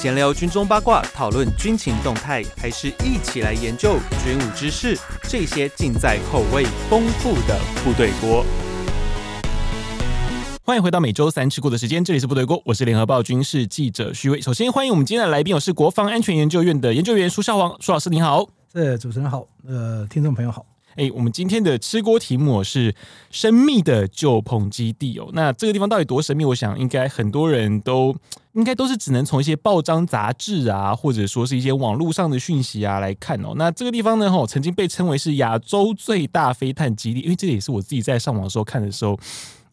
閒聊軍中八卦，討論軍情動態，還是一起來研究軍武知識？這些盡在口味豐富的部隊鍋。歡迎回到每周三吃鍋的時間，這裡是部隊鍋，我是聯合報軍事記者徐宇威。首先歡迎我們今天的來賓，我是國防安全研究院的研究員舒孝煌，舒老師你好。呃，主持人好，呃，聽眾朋友好。誒、欸，我們今天的吃鍋題目是神秘的九鵬基地哦。那這個地方到底多神秘？我想應該很多人都應該都是只能從一些報章雜誌啊，或者說是一些網絡上的訊息啊來看哦。那這個地方呢，哈，曾經被稱為是亞洲最大飛彈基地，因為這也是我自己在上網的時候看的時候。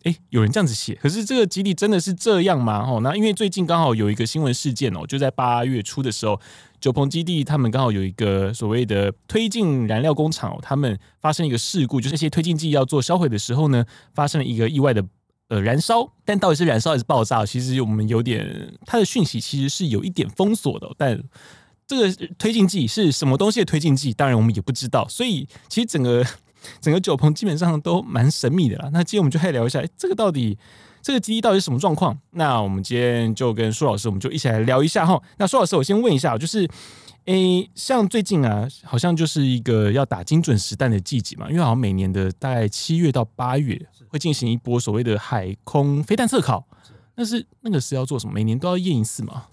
誒、欸，有人這樣子寫，可是這個基地真的是這樣嗎？哦，那因為最近剛好有一個新聞事件哦、喔，就在八月初的時候，九鵬基地他們剛好有一個所謂的推進燃料工廠、喔，他們發生一個事故，就是那些推進劑要做銷毀的時候呢，發生了一個意外的呃燃燒。但到底是燃燒還是爆炸，其實我們有點，它的訊息其實是有一點封鎖的、喔。但這個推進劑是什麼東西的推進劑，當然我們也不知道。所以其實整個。整個九鵬基本上都蠻神祕的啦。那今天我們就來聊一下誒，這個到底這個基地到底什麼狀況？那我們今天就跟舒老師，我們就一起來聊一下哈。那舒老師，我先問一下，就是，誒，像最近啊，好像就是一個要打精準實彈的季節嘛，因為好像每年的大概七月到八月會進行一波所謂的海空飛彈測考。但是那個是要做什麼？每年都要驗一次嗎？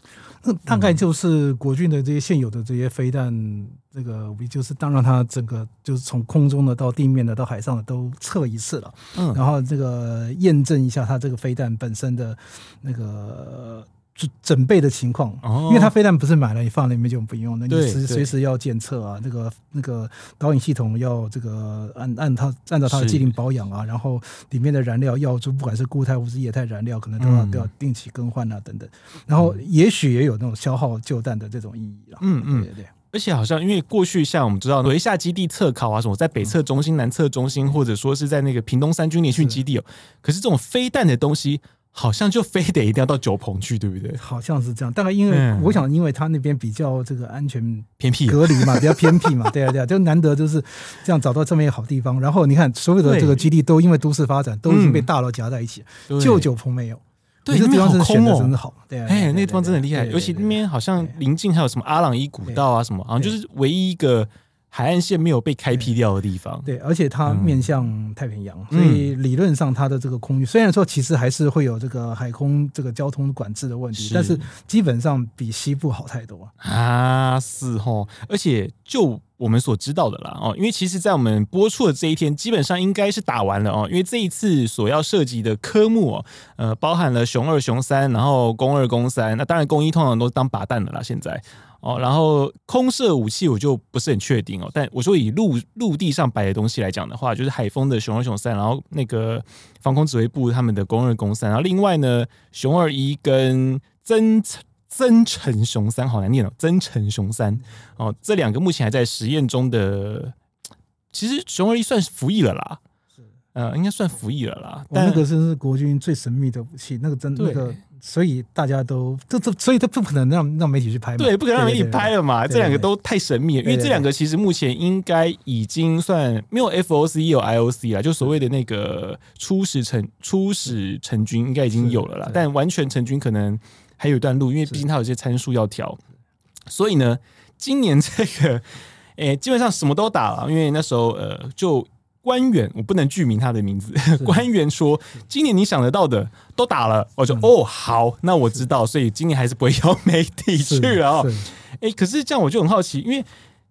那大概就是國軍的這些現有的這些飛彈，這個就是當然它整個就是從空中的到地面的到海上的都測一次了，然後這個驗證一下它這個飛彈本身的那個。就整備的情況、哦，因為它飛彈不是買了你放裡面就不用，那你隨隨時要檢測啊，那個那個導引系統要這個按按它按照它的既定保養啊，然後裡面的燃料要就不管是固態或是液態燃料、嗯，可能都要都要定期更換啊等等。嗯、然後也許也有那種消耗舊彈的這種意義了、啊。嗯嗯對，對，對。而且好像因為過去像我們知道雷下基地測考啊什麼，在北測中心、南測中心、嗯，或者說是在那個屏東三軍聯訓基地哦、喔，可是這種飛彈的東西。好像就非得一定要到九鵬去，對不對？好像是這樣，大概因為、嗯、我想，因為它那邊比較這個安全、偏僻、隔離嘛，比較偏僻嘛，對啊，對啊， 就難得就是這樣找到這麼一個好地方。 然後你看，所有的這個基地都因為都市發展，都已經被大樓夾在一起、嗯，就九鵬沒有，對，這個地方真的選的真的好，對啊，哎，那地方真的很厲害，尤其那邊好像臨近還有什麼阿朗壹古道啊什麼，好像就是唯一一個。海岸線沒有被開闢掉的地方對，對，而且它面向太平洋，嗯、所以理論上它的這個空域，嗯，雖然說其實還是會有這個海空這個交通管制的問題，是，但是基本上比西部好太多啊！是哦，而且就。我們所知道的啦，哦，因為其實，在我們播出的這一天，基本上應該是打完了哦，因為這一次所要涉及的科目，呃，包含了雄二、雄三，然後弓二、弓三，那當然弓一通常都是當靶彈的啦，現在哦，然後空射武器我就不是很確定哦，但我說以陸陸地上擺的東西來講的話，就是海鋒的雄二、雄三，然後那個防空指揮部他們的弓二、弓三，然後另外呢，雄二 E 跟增。增程雄三好難念哦，增程雄三哦，這兩個目前還在實驗中的，其實雄二 E 算是服役了啦，是呃，應該算服役了啦。哦、但那個真是國軍最神祕的武器，那個真的、那個、所以大家都這這，所以他不可能讓讓媒體去拍，對，不可能讓媒體拍了嘛。對對對對，這兩個都太神祕了，對對對對，因為這兩個其實目前應該已經算沒有 F O C 也有 I O C 了，就所謂的那個初始成初始成軍應該已經有了啦，對對對對，但完全成軍可能。還有一段路，因為畢竟它有些參數要調，所以呢，今年這個，誒、欸，基本上什麼都打了。因為那時候，呃，就官員，我不能具名他的名字。官員說，今年你想得到的都打了。我說，哦，好，那我知道。所以今年還是不會邀媒體去了、喔。哎、欸，可是這樣我就很好奇，因為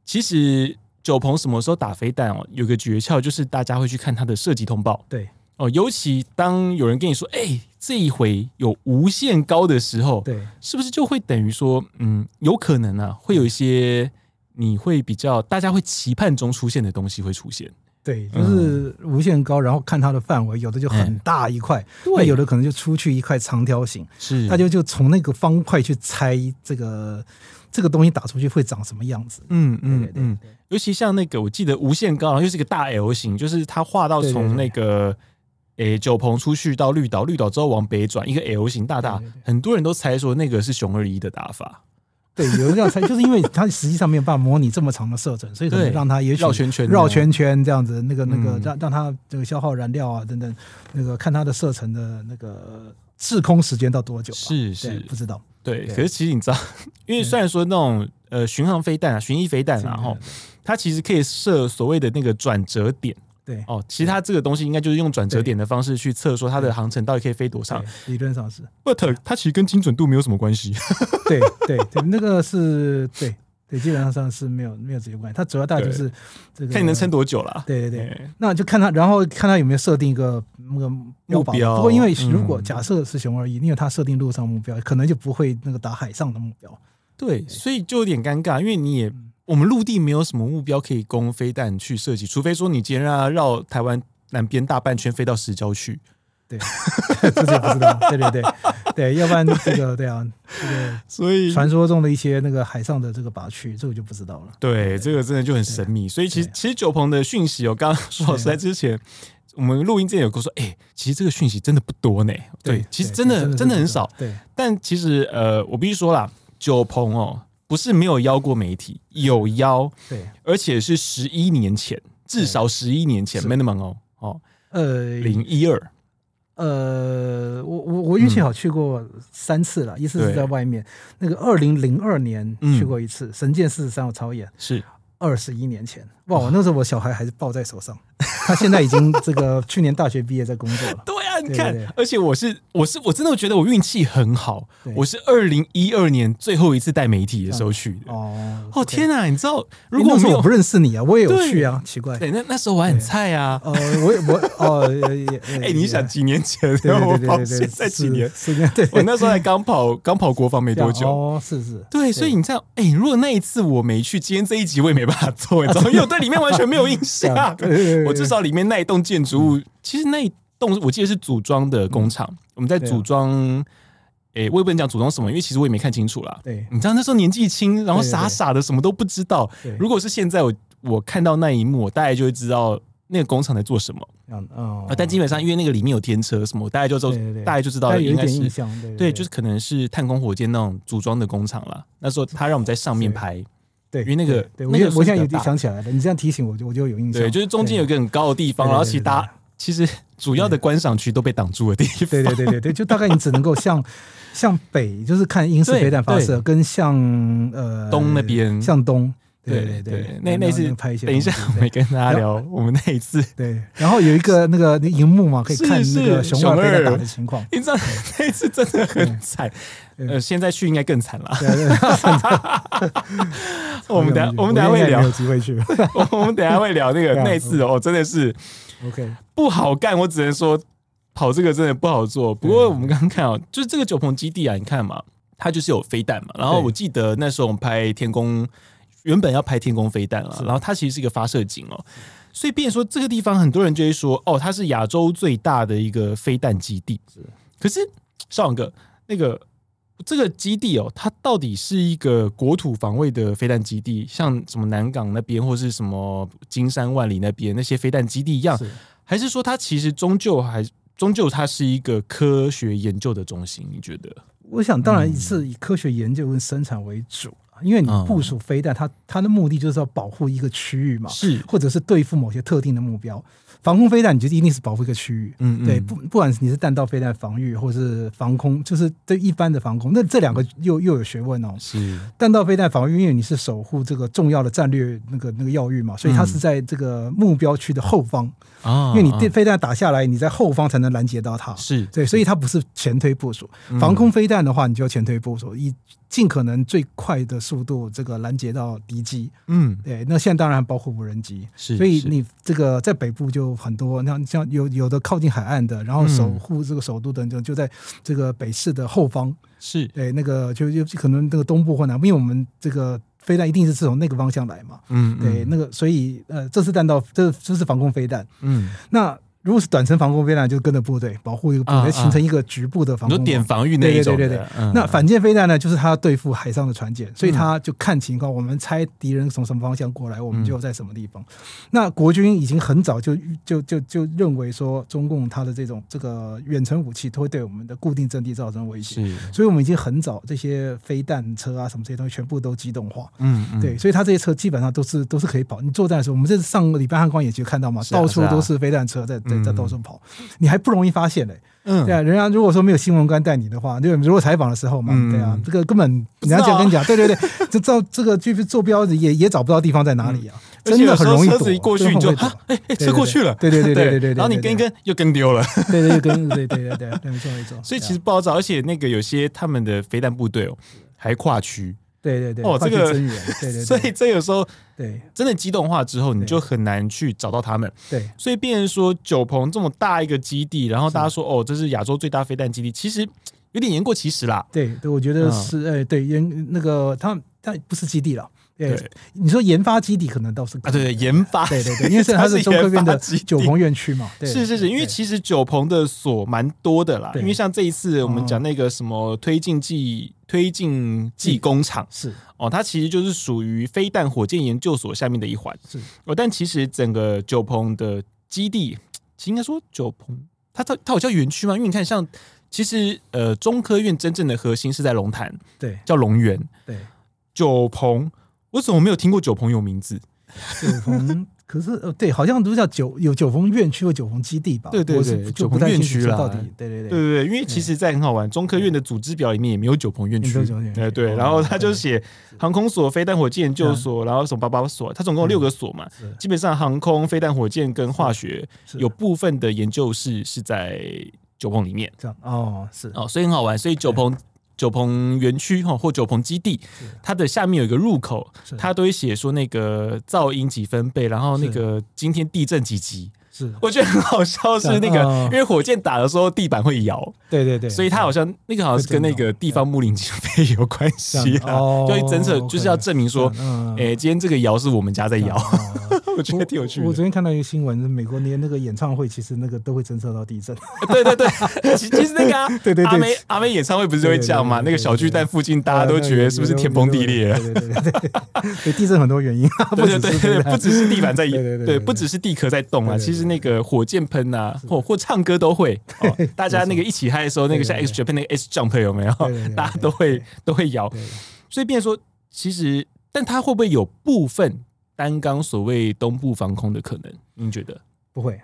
其實九鵬什麼時候打飛彈哦、喔，有個訣竅就是大家會去看他的射擊通報。對，哦、喔，尤其當有人跟你說，哎、欸。這一回有無限高的時候，對，是不是就會等於說，嗯，有可能啊，會有一些你會比較大家會期盼中出現的東西會出現。對，就是無限高，嗯、然後看它的範圍，有的就很大一塊，對，有的可能就出去一塊長條形，是，他就就從那個方塊去猜這個這個東西打出去會長什麼樣子。嗯嗯嗯，尤其像那個，我記得無限高又、就是一個大 L 型，就是它畫到從那個。對對對誒，九鵬出去到綠島，綠島之後往北轉一個 L 型，大大，對對對，很多人都猜說那個是雄二 E 的打法。對，有人這樣猜， 就是因為它實際上沒有辦法模擬這麼長的射程，所以讓它也繞圈圈，繞圈圈這樣子，那個那個讓它這個消耗燃料啊等等嗯，讓它這個消耗燃料啊等等，那個看它的射程的那個滯空時間到多久？是是，不知道對。對，可是其實你知道，因為雖然說那種呃巡航飛彈啊、巡弋飛彈啊，吼，它其實可以設所謂的那個轉折點。對哦，其他這個東西應該就是用轉折點的方式去測，說它的航程到底可以飛多長？理論上是，but 它其實跟精準度沒有什麼關係。 對對對，對，那個是對對，基本上，上是沒有沒有直接關係。它主要大概就是這個，看你能撐多久了。對對對，對，那就看他，然後看他有沒有設定一個那個目標，目標。不過因為如果假設是雄二 E，因為他設定陸上的目標，可能就不會那個打海上的目標。對，對所以就有點尷尬，因為你也。嗯。我們陸地沒有什麼目標可以供飛彈去射擊，除非說你今天讓它繞台灣南邊大半圈飛到石礁去。對，這 個不知道， 對對對對,對，要不然這個對,對啊，這個所以傳說中的一些那個海上的這個靶區，這個就不知道了。對，對對對，這個真的就很神秘。所以其實其實九鵬的訊息，我剛剛說出來之前，啊、我們錄音之前有跟我說，哎、欸，其實這個訊息真的不多呢、欸。對，其實真的真的，真的很少。對，但其實呃，我必須說啦，九鵬哦。不是沒有邀過媒體，有邀，對，而且是十一年前，至少十一年前，minimum 哦哦，呃，零一二，呃，我我我運氣好去過三次了、嗯，一次是在外面，那個二零零二年去過一次《嗯、神劍四十三》，我超演是二十一年前。哇，那時候我小孩還是抱在手上，他現在已經這個去年大學畢業在工作了。 對啊，你看，對對對，而且我是我是我真的覺得我運氣很好，我是二零一二年最後一次帶媒體的時候去的。哦，哦、okay. 天哪，你知道，如果我不認識你啊，我也有去啊，奇怪。對，那那時候我還很菜啊。呃，我也我哦，哎、 欸，你想幾年前，對對對，對，對，再幾年，幾年，對，我那時候還剛跑剛跑國防沒多久。哦，是是對對？對，所以你知道，哎、欸，如果那一次我沒去，今天這一集我也沒辦法做，啊、你知道嗎？ 在裡面完全沒有印象，我至少裡面那一棟建築物，其實那一棟我記得是組裝的工廠。我們在組裝，哎，我也不能講組裝什麼，因為其實我也沒看清楚啦。對，你知道那時候年紀輕，然後傻傻的什麼都不知道。如果是現在，我我看到那一幕，大家就會知道那個工廠在做什麼。嗯，但基本上因為那個裡面有天車什麼，大家就知，大概就知道應該是對，就是可能是探空火箭那種組裝的工廠了。那時候他讓我們在上面拍。對，因為那個、那個，我現在有點想起來了。你這樣提醒我，我就有印象。對，就是中間有一個很高的地方，對對對對，然後其他，其實主要的觀賞區都被擋住了。對，對，對，對，對，就大概你只能夠向 向北，就是看英式飛彈發射，跟向呃東那邊，向東。對對對，對對對，那那一次拍一些，等一下，我們跟大家聊我們那一次。對，然後有一個那個熒幕嘛是是，可以看那個雄偉飛彈在打的情況。你知道那一次真的很慘。呃，現在去應該更慘了、啊啊。 我們等我們等下會聊，我， 我們等一下會聊那個、啊、那次、okay. 哦，真的是，OK 不好幹。我只能說，跑這個真的不好做。不過我們剛剛看、哦、啊，就是這個九鵬基地啊，你看嘛，它就是有飛彈嘛。然後我記得那時候我們拍天弓，原本要拍天弓飛彈了、啊，然後它其實是一個發射井哦。所以變成，變說這個地方，很多人就會說，哦，它是亞洲最大的一個飛彈基地。可是孝煌哥那個。這個基地哦，它到底是一個國土防衛的飛彈基地，像什麼南港那邊或是什麼金山萬里那邊那些飛彈基地一樣，還是說它其實終究還終究它是一個科學研究的中心？你覺得？我想，當然是以科學研究跟生產為主。嗯，因為你部署飛彈，它它的目的就是要保護一個區域嘛，是或者是對付某些特定的目標。防空飛彈，你就一定是保護一個區域？嗯，嗯，對，不，不管你是彈道飛彈防禦，或者是防空，就是對一般的防空，那這兩個又又有學問哦。是彈道飛彈防禦，因為你是守護這個重要的戰略那個那個要域嘛，所以它是在這個目標區的後方啊。嗯、因為你這飛彈打下來，你在後方才能攔截到它。是、啊啊、對，所以它不是前推部署。嗯、防空飛彈的話，你就要前推部署一。盡可能最快的速度，這個攔截到敵機。嗯，對，那現在當然包括無人機。是，所以你這個在北部就很多，像像有有的靠近海岸的，然後守護這個首都等等，就在這個北市的後方。是、嗯，哎，那個就就可能這個東部或南部，因為我們這個飛彈一定是是從那個方向來嘛。嗯，嗯，對，那個所以呃，這次彈道這這是，是防空飛彈。嗯，那。如果是短程防空飛彈，就跟着部隊保護一個部隊，啊啊，形成一個局部的防空。有點防禦那一種。對對對對，嗯，那反艦飛彈呢？就是它對付海上的船艦，所以它就看情況，嗯。我們猜敵人從什麼方向過來，我們就在什麼地方。嗯，那國軍已經很早就就就就認為說，中共他的這種這個遠程武器，都會對我們的固定陣地造成威脅。是。所以我們已經很早，這些飛彈車啊，什麼這些東西，全部都機動化。嗯，嗯。對，所以它這些車基本上都是都是可以跑。你作戰的時候，我們這是上個禮拜漢光演習看到嘛，啊，到處都是飛彈車在。在到處跑，你還不容易發現呢、欸。嗯，對啊，人家如果說沒有新聞官帶你的話，就如果採訪的時候嘛，嗯、對啊，這個根本你要這樣跟你講，對對對，就照這個就是坐標也也找不到地方在哪裡啊，嗯、真的很容易躲，車子一過去你就哎哎、啊啊欸，車過去了，對對對對呵呵對,對,對,對,對,對然後你跟一跟對對對對對又跟丟了，對對對,對,對,對，跟， 對對對對對，所以其實不好找，而且那個有些他們的飛彈部隊哦，還跨區。對對對哦真，這個對，對對，所以這有時候對真的機動化之後，你就很難去找到他們。對，所以變成說九鵬這麼大一個基地，然後大家說哦，這是亞洲最大飛彈基地，其實有點言過其實啦。對，我覺得是，哎、嗯欸，對，言那個他他不是基地了。對，對，你說研發基地可能倒是能啊對對，對研發，對對對，因為它是中科院的九鵬院區嘛，對，是是是，因為其實九鵬的所蠻多的啦。對，因為像這一次我們講那個什麼推進劑、嗯、推進劑工廠、嗯、是哦，它其實就是屬於飛彈火箭研究所下面的一環。是哦，但其實整個九鵬的基地，其實應該說九鵬它它它好像有園區嗎？因為你看像其實呃，中科院真正的核心是在龍潭，對，叫龍園，對，九鵬。我怎麼沒有聽過九鵬有名字？九鵬 可是呃，對，好像都是叫九，有九鵬院區或九鵬基地吧？對對對，九鵬院區啦到底。對對對，對對對，因為其實在很好玩。中科院的組織表裡面也沒有九鵬院區、嗯。對、嗯、對，然後他就寫航空所、飛彈火箭研究所，然後什麼八八所，它總共有六個所嘛、嗯。基本上航空、飛彈、火箭跟化學有部分的研究室是在九鵬裡面。這樣哦，是哦，所以很好玩。所以九鵬九鵬園區哈，或九鵬基地，它的下面有一個入口，它都會寫說那個噪音幾分貝，然後那個今天地震幾級。是，我覺得很好笑，是那個、呃，因為火箭打的時候地板會搖，對對對，所以他好像、嗯、那個好像是跟那個地方睦鄰經費有關係啊，要偵測，哦、就，就是要證明說，哎、嗯欸，今天這個搖是我們家在搖，嗯、 我覺得挺有趣的我。我昨天看到一個新聞，美國連那個演唱會其實那個都會偵測到地震， 對對對，其實那個、啊、 對對對對對，阿妹阿妹阿妹演唱會不是就會講嘛，那個小巨蛋附近大家都覺得是不是天崩地裂了？對對對，地震很多原因，不只對對，不只是地板在搖，對，不只是地殼在動啊，其實。那個火箭噴吶、啊，或或唱歌都會、哦，大家那個一起嗨的時候， 對對對對那個像 X JAPAN 那個 X Jump 有沒有？對對對對大家都會都會搖，對對對對所以變說，其實，但它會不會有部分擔綱所謂東部防空的可能？您覺得？不會。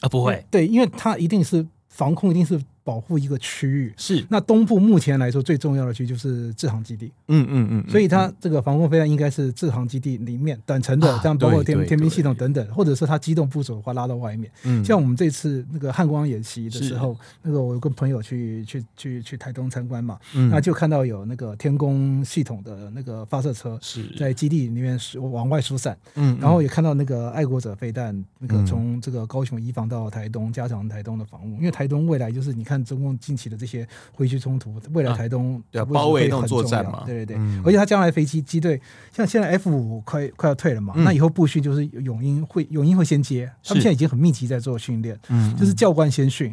啊，不會。對，因為它一定是防空，一定是。保護一個區域是，那東部目前來說最重要的區就是志航基地，嗯嗯嗯，所以它這個防空飛彈應該是志航基地裡面短程的，啊、像包括天天兵系統等等，或者是它機動部署的話拉到外面、嗯。像我們這次那個漢光演習的時候，那個我有個朋友去去去去台東參觀嘛、嗯，那就看到有那個天弓系統的那個發射車是在基地裡面往外疏散，嗯，然後也看到那個愛國者飛彈、嗯、那個從這個高雄移防到台東加強、嗯、台東的防務，因為台東未來就是你看。中共近期的這些回去衝突，未來台東包圍都種嘛？對對對，而且他將來飛機機隊，像現在 F 五快快要退了嘛，嗯、那以後部訓就是勇鷹會勇鷹會先接，他們現在已經很密集在做訓練，嗯、就是教官先訓，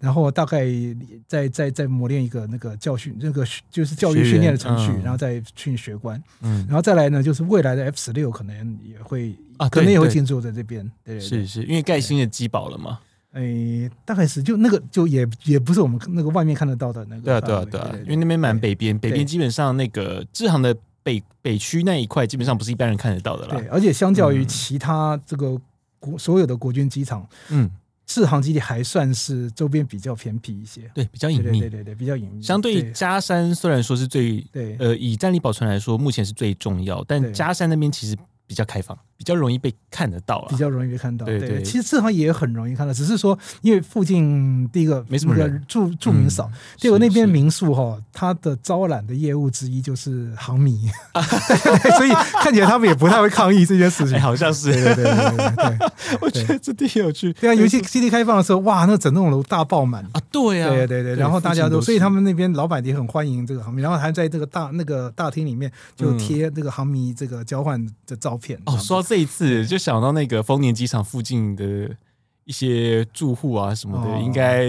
然後大概再再再,再磨練一個那個教訓，這、那個就是教育訓練的程序、嗯，然後再訓學官，嗯，然後再來呢，就是未來的 F 十六可能也會可能、啊、也會進駐在這邊，對,對,對，是是因為蓋新的機堡了嘛？哎、欸，大概是就那個，就也也不是我們那個外面看得到的那個對、啊。對啊，對啊，對啊，因為那邊蠻北邊，北邊基本上那個志航的北北區那一塊，基本上不是一般人看得到的啦。對，而且相較於其他這個國、嗯、所有的國軍機場，嗯，志航基地還算是周邊比較偏僻一些。對，比較隱秘。對對、對對對，比較隱秘。相對於嘉山，雖然說是最，對，呃，以戰力保存來說，目前是最重要，但嘉山那邊其實比較開放。比較容易被看得到啊，比較容易被看到。對，對，對，其實這好像也，也很容易看到，只是說因為附近第一個沒什麼人住，住民少，嗯、結果那邊民宿哈，他的招攬的業務之一就是航迷，啊、 所以看起來他們也不太會抗議這件事情、哎。好像是，對對對，對，對，對，對， 對，對，對，對，對，我覺得這挺有趣。對，對，對，對，對啊，尤其基地開放的時候，哇，那整棟樓大爆滿啊！對啊，對對對，對，然後大家都，都，所以他們那邊老板也很歡迎這個航迷，然後還在這個大那個大廳裡面就貼這個航迷這個交換的照片、嗯、哦，說。這一次就想到那個豐年機場附近的一些住戶啊什麼的，哦、應該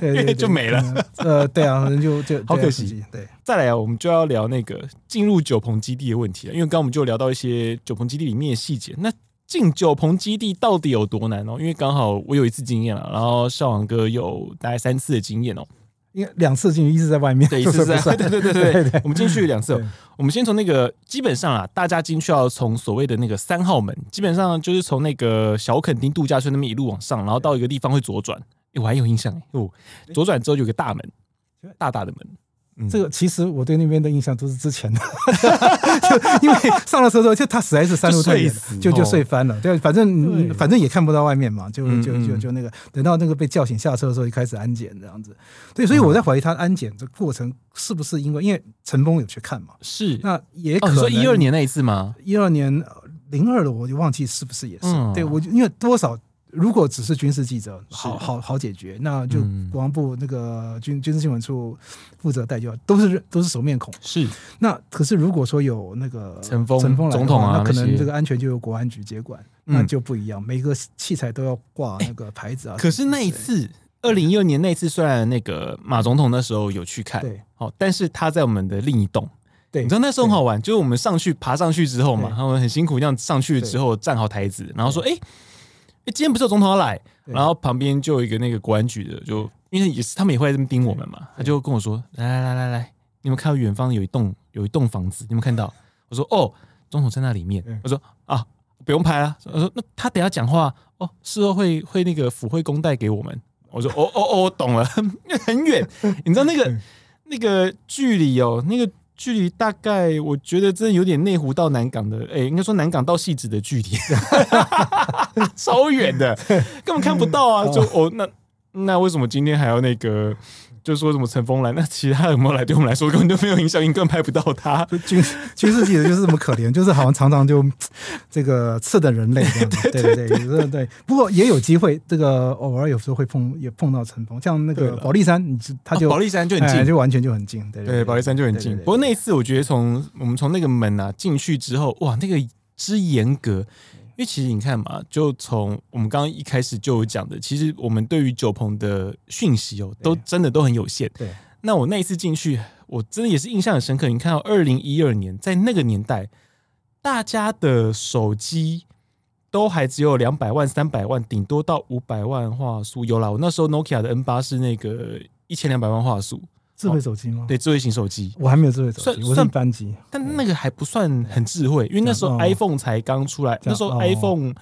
對對對 就沒了、嗯。呃，對啊，反 正就就好可惜。對，再來啊，我們就要聊那個進入九鵬基地的問題了，因為剛剛我們就聊到一些九鵬基地裡面的細節。那進九鵬基地到底有多難哦？因為剛好我有一次經驗了，然後孝煌哥有大概三次的經驗哦。兩次進去，一直在外面，對一直在算算對對對對對。我們進去兩次，我們先從那個，基本上啊，大家進去要從所謂的那個三號門，基本上就是從那個小墾丁度假村那邊一路往上，然後到一個地方會左轉，欸，我還有印象哦，左轉之後就有一個大門，大大的門。嗯、這個其實我對那邊的印象都是之前的 就因為上了車之後就他實在是三路退遠就就，就就睡翻了。對，反正反正也看不到外面嘛，就就就就，就那個，等到那個被叫醒下車的時候就開始安檢這樣子。對，所以我在懷疑他安檢這過程是不是因為、嗯、因為陳峰有去看嘛？是，那也可能一二、哦、你說年那一次嗎？一二年零二的我就忘記是不是也是、嗯、對，我因為多少。如果只是軍事記者，好好好解決，那就國防部那個軍軍事新聞處負責帶就好，都是都是熟面孔。是，那可是如果說有那個陳峰陳峰總統啊，那可能這個安全就由國安局接管、嗯，那就不一樣。每個器材都要掛那個牌子啊、欸。可是那一次，二零一二年那一次，雖然那個馬總統那時候有去看，好，但是他在我們的另一棟。對，你知道那時候很好玩，就是我們上去爬上去之後嘛，他們很辛苦，這樣上去之後站好台子，然後說，哎。欸今天不是有總統要來，然後旁邊就有一個那個國安局的就，就因為他也是他們也會在這邊盯我們嘛。他就跟我說：“來來來來來，你們看到遠方有一棟有一棟房子，你們看到？”我說：“哦，總統在那裡面。”我說：“啊，不用拍了。”我說：“那他等下講話哦，事後會會那個撫會公帶給我們。”我說：“哦哦 哦，我懂了， 很遠，你知道那個、 那個、那個距離哦，那個。”距離大概，我覺得真的有點內湖到南港的，哎、欸，應該說南港到汐止的距離 超遠的，根本看不到啊！就哦，那那為什麼今天還要那個？就說什麼乘風來，那其他的魔來，對我們來說根本就沒有影響，你根本拍不到他。軍軍事記者就是這麼可憐， 就是好像常常就這個次等人類這樣。 對，對對對對，不過也有機會，這個偶爾有時候會碰，也碰到乘風，像那個保利山，你就他就保利山就很近、哎，就完全就很近。對對，對，保利山就很近。對對對對對，不過那一次我覺得，從我們從那個門吶、啊、進去之後，哇，那個之嚴格。因為其實你看嘛，就從我們剛剛一開始就有講的，其實我們對於九鵬的訊息哦、喔，都真的都很有限。對，那我那一次進去，我真的也是印象很深刻。你看到二零一二年，在那個年代，大家的手機都還只有兩百萬、三百萬，頂多到五百萬畫素。有啦，我那時候 Nokia 的 N 八，是那個一千兩百萬畫素。智慧手機嗎、哦？對，智慧型手機，我還沒有智慧手機。算我機算班級，但那個還不算很智慧，因為那時候 iPhone 才剛出來、哦，那時候 iPhone、哦、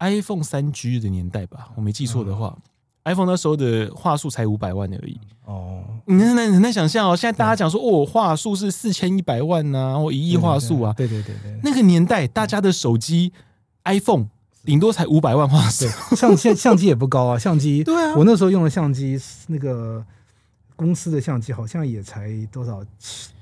iPhone 三 G 的年代吧，我沒記錯的話、嗯、，iPhone 那時候的畫素才五百萬而已。哦，你能你能想象哦？現在大家講說，哦、我畫素是四千一百萬啊，我一億畫素啊。對對對對，對對對對，那個年代大家的手機 iPhone 頂多才五百萬畫素，像相機也不高啊， 相機。對啊，我那時候用的相機是那個。公司的相機好像也才多少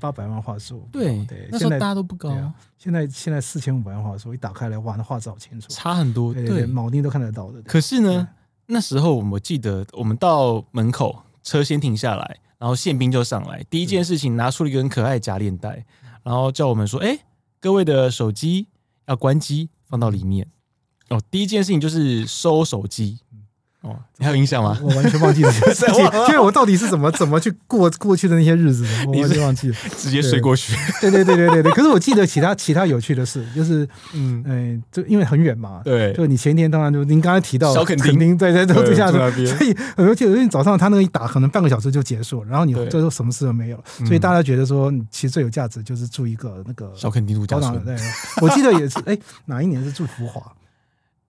八百萬畫素，對對，那時候大家都不高。現在、啊、現在四千五百萬畫素，一打開來，哇，那畫質好清楚，差很多。對，對，對，鉚釘都看得到的。可是呢，那時候我、們我記得，我們到門口，車先停下來，然後憲兵就上來，第一件事情拿出了一個很可愛夾鏈袋，然後叫我們說：“哎、欸，各位的手機要、啊、關機，放到裡面。嗯”哦，第一件事情就是收手機。哦，你還有印象嗎？嗯、我完全忘記了，這個事情。 因為我到底是怎麼怎麼去過過去的那些日子的，我完全忘記了，直接睡過去。對對對對對對。可是我記得其他 其他有趣的事，就是嗯，哎、欸，就因為很遠嘛，對，就你前一天當然就您剛才提到小墾丁，對對對，這下子對，所以而就因為早上他那個一打可能半個小時就結束了，然後你最後什麼事都沒有，所以大家覺得說、嗯、你其實最有價值就是住一個那個小墾丁度假村。對，我記得也是，哎、欸，哪一年是住福華？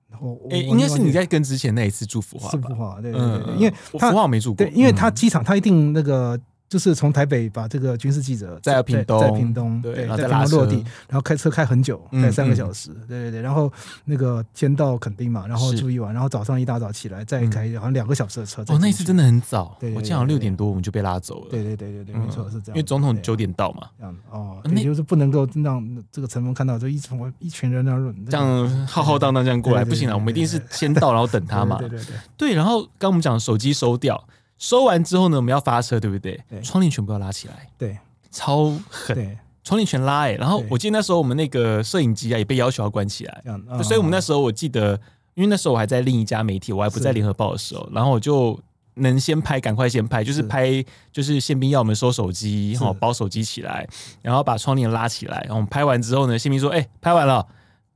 然後哎、欸，應該是你在跟之前那一次住福華吧？是福華，對對對，嗯、因為他我,福華我沒住過對，因為他機場，他一定那個。就是從台北把這個軍事記者在屏東，在屏東，對，在屏東，東落地，然後開車開很久，開、嗯、三個小時、嗯，對對對，然後那個先到墾丁嘛，然後住一晚，然後早上一大早起來再開，嗯、好像兩個小時的車。哦，那次真的很早，對、對、對、對、對，我記得好像六點多我們就被拉走了。對對對對對，嗯、對對對沒錯，是這樣，因為總統九點到嘛，啊、這樣哦，你、啊、就是不能夠讓這個陳峰看到，就一從一群人那這樣浩浩蕩蕩這樣過來不行啊，我們一定是先到然後等他嘛，對對對，對、對、對，然後剛我們講手機收掉。收完之後呢，我們要發車，對不對？對，窗簾全部要拉起來，對，超狠，窗簾全拉哎、欸。然後我記得那時候我們那個攝影機啊，也被要求要關起來。所以我們那時候我記得、嗯，因為那時候我還在另一家媒體，我還不在聯合報的時候，然後我就能先拍，趕快先拍，就是拍，就是憲兵要我們收手機，然後、喔、包手機起來，然後把窗簾拉起來。然後我們拍完之後呢，憲兵說：“哎、欸，拍完了。”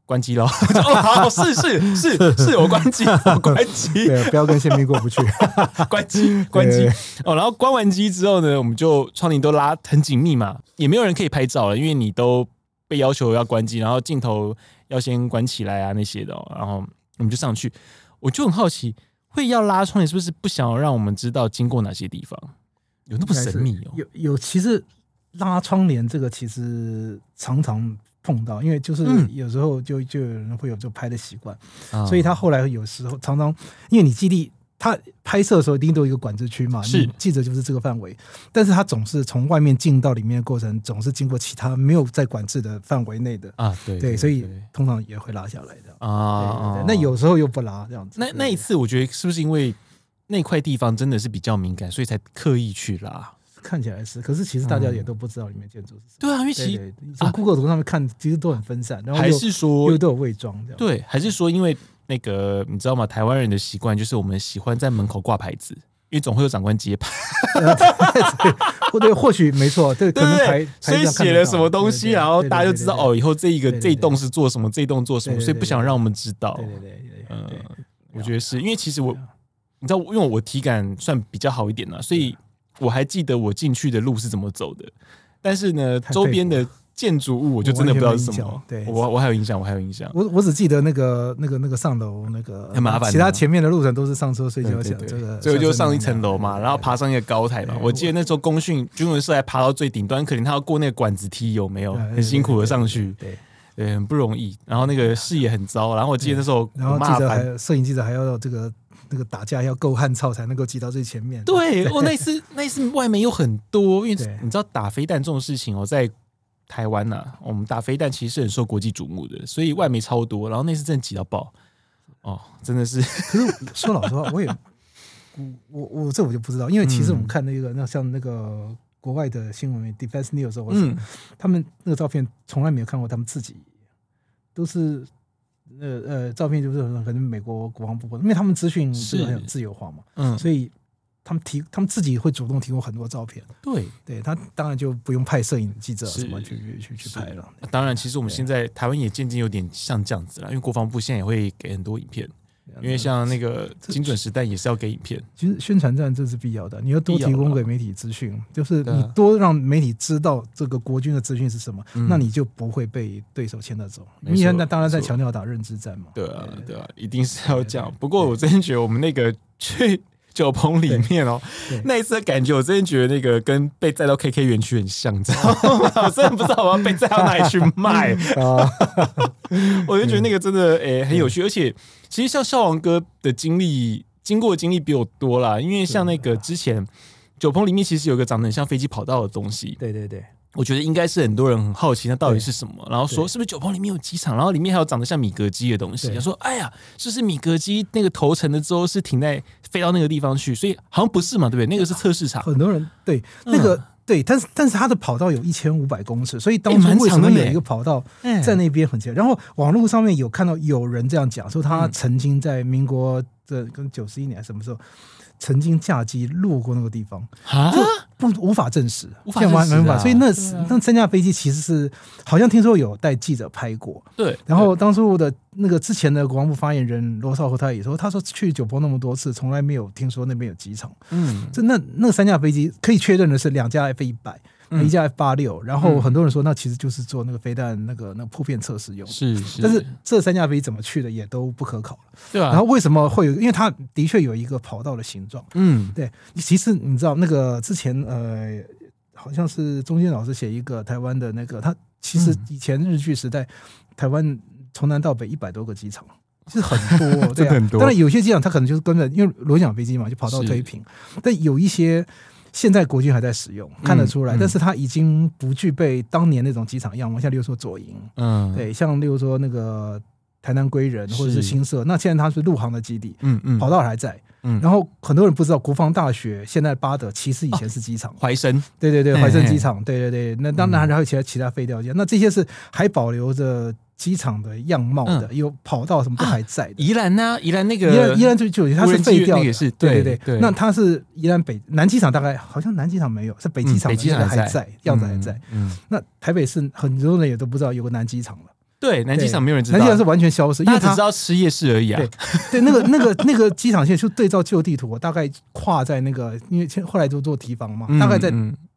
關機了， 哦，是是是是，是是是我關機 我關機笑，關機，不要跟線民過不去，關機，關機。哦，然後關完機之後呢，我們就窗簾都拉很緊密嘛，也沒有人可以拍照了，因為你都被要求要關機，然後鏡頭要先關起來啊那些的、哦。然後我們就上去，我就很好奇，會要拉窗簾是不是不想讓我們知道經過哪些地方，有那麼神秘哦？有有，其實拉窗簾這個其實常常。碰到，因為就是有時候就、嗯、就有人會有這拍的習慣，嗯、所以他後來有時候常常，因為你基地他拍攝的時候一定都有一個管制區嘛，是記者就是這個範圍，但是他總是從外面進到裡面的過程，總是經過其他沒有在管制的範圍內的啊，對對，所以通常也會拉下來的啊，啊，啊，那有時候又不拉這樣子，那那一次我覺得是不是因為那塊地方真的是比較敏感，所以才刻意去拉。看起來是，可是其實大家也都不知道裡面建築是什麼、嗯。對啊，因為其實從 Google 圖、啊、上面看，其實都很分散，然後還是說又都有偽裝對，還是說因為那個你知道嗎？臺灣人的習慣就是我們喜歡在門口掛牌子，因為總會有長官接牌、啊， 或者或許沒錯，對對對，所以寫了什麼東西對對對，然後大家就知道對對對對對哦，以後這一個對對對對這一棟是做什麼，對對對對這一棟做什麼對對對對，所以不想讓我們知道。對對對，對，嗯、呃，我覺得是因為其實我、啊、你知道，因為我體感算比較好一點呢、啊，所以。我還記得我進去的路是怎麼走的，但是呢，周邊的建築物我就真的不知道是什麼。對，我我還有印象，我還有印象。我我，我只記得那個那個那個上樓那個很麻煩、啊，其他前面的路程都是上車睡覺，想這個，所以就上一層樓嘛對對對，然後爬上一個高台嘛。對對對，我記得那時候軍訓，軍聞社還爬到最頂端，可能他要過那個管子梯，有沒有對對對對對對，很辛苦的上去？對，對，對，對，對，對，對，很不容易。然後那個視野很糟，然後我記得那時候我，然後記者還攝影記者還要這個。那個打架要夠悍超才能夠擠到最前面。對，我、哦、那次那次外媒有很多，因為你知道打飛彈這種事情哦，在台灣吶、啊，我們打飛彈其實是很受國際矚目的，所以外媒超多。然後那次真的擠到爆，哦，真的是。可是 說老實話，我也，我我我這我就不知道，因為其實我們看那個、嗯、那像那個國外的新聞《Defense News》的時候、嗯，他們那個照片從來沒有看過，他們自己都是。呃呃，照片就是可能美國國防部，因為他們資訊是很有自由化嘛，嗯，所以他們提他們自己會主動提供很多照片。對，對他當然就不用派攝影記者什麼去去去拍了。啊。當然，其實我們現在台灣也漸漸有點像這樣子了，因為國防部現在也會給很多影片。因為像那個精準時代也是要給影片，其實宣傳戰這是必要的，你要多提供給媒體資訊，啊、就是你多讓媒體知道這個國軍的資訊是什麼，嗯、那你就不會被對手牽着走。你現在當然在強調打認知戰嘛，對啊對啊，一定是要這樣。不過我真覺得我們那個去。九鵬裡面哦、喔，那一次的感覺我真的覺得那個跟被載到 KK 園區很像，知道嗎？我 真 不知道我要被載到哪裡去賣， 我就覺得那個真的誒、嗯欸、很有趣，而且其實像孝煌哥的經歷經過的經歷比我多啦，因為像那個之前、啊、九鵬裡面其實有個長得很像飛機跑道的東西，對對對。我覺得應該是很多人很好奇，那到底是什麼？然後說是不是九鵬裡面有機場？然後裡面還有長得像米格機的東西？說哎呀，是不是米格機那個投誠的後是停在飛到那個地方去，所以好像不是嘛，對不對？那個是測試場。很多人對那個、嗯、對，但是但是它的跑道有一千五百公尺，所以當初為什麼每一個跑道在那邊很近、欸嗯？然後網絡上面有看到有人這樣講，說他曾經在民國的跟九十一年還是什麼時候？曾經駕機路過那個地方，就不無法證實，無法，證實無法，無法，無法，所以那、啊、那三架飛機其實是，好像聽說有帶記者拍過，對、啊，然後當初的那個之前的國防部發言人羅紹和他也說，他說去九鵬那麼多次，從來沒有聽說那邊有機場，嗯，這那那三架飛機可以確認的是兩架 F 一百。一架 F 八六，然後很多人說，那其實就是做那個飛彈那個那破片測試用，是，是但是這三架飛機怎麼去的也都不可考對啊。然後為什麼會有？因為它的確有一個跑道的形狀，嗯，對。其實你知道那個之前呃，好像是中間老師寫一個台灣的那個，他其實以前日據時代、嗯，台灣從南到北一百多個機場，是很， 很多，對、啊、的當然有些機場它可能就是根本因為螺旋槳飛機嘛，就跑道推平，但有一些。現在國軍還在使用，看得出來、嗯嗯，但是它已經不具備當年那種機場樣貌。像例如說左營，嗯，對，像例如說那個台南歸仁或者是新社，那現在它是陸航的基地，嗯嗯，跑道還在。嗯，然後很多人不知道國防大學現在八德其實以前是機場，懷、哦、生，對對對，懷生機場欸欸，對對對，那當然還有其他、嗯、其他廢掉的，那這些是還保留着。機場的樣貌的有、嗯、跑道什麼都還在的。宜蘭呢？宜蘭、啊、那個宜蘭宜蘭就是舊，它是廢掉也是對對對，對，對。那它是宜蘭北南機場，大概好像南機場沒有，是北機場的，嗯、北機場還在，樣、嗯、子還在，、嗯還在嗯。那台北市很多人也都不知道有個南機場了。對，南機場沒有人知道，南機場是完全消失，他啊、因，為因為他只知道吃夜市而已啊。對，對， 對那個那個、那個、那個機場現在就對照舊地圖， 我大概跨在那個，因為後來就做堤防嘛、嗯，大概在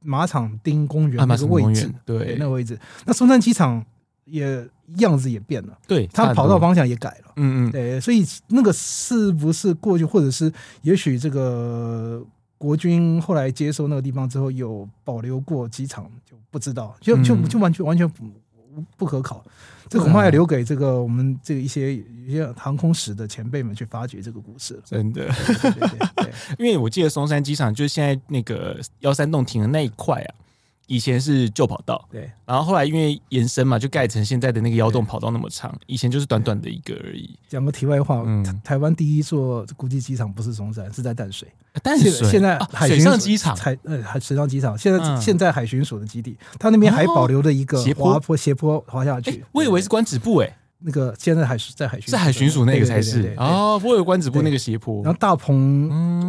馬場町公園那個位置，啊、對，對那個位置。那松山機場。也樣子也變了，對，它跑道方向也改了，嗯嗯，對，所以那個是不是過去，或者是也許這個國軍後來接收那個地方之後有保留過機場，就不知道，就就就，就完全完全不可考，嗯，這恐怕要留給這個我們這個一些一些航空史的前輩們去發掘這個故事了。真的，對對對對對對 因為我記得松山機場就是現在那個幺三洞停的那一塊啊。以前是舊跑道，對，然後後來因為延伸嘛，就蓋成現在的那個窯洞跑道那麼長。以前就是短短的一個而已。講個題外話，嗯、台灣第一座國際機場不是松山，是在淡水。淡水現在海、啊、上機場才呃海水上機場，現在、嗯、現在海巡署的基地，它那邊還保留着一個滑斜坡，斜坡滑下去。我以為是關止步誒、欸。那個現在還是在海巡，在海巡署那個才是，對對對對對哦，不過有關子部，那個斜坡，然後大鵬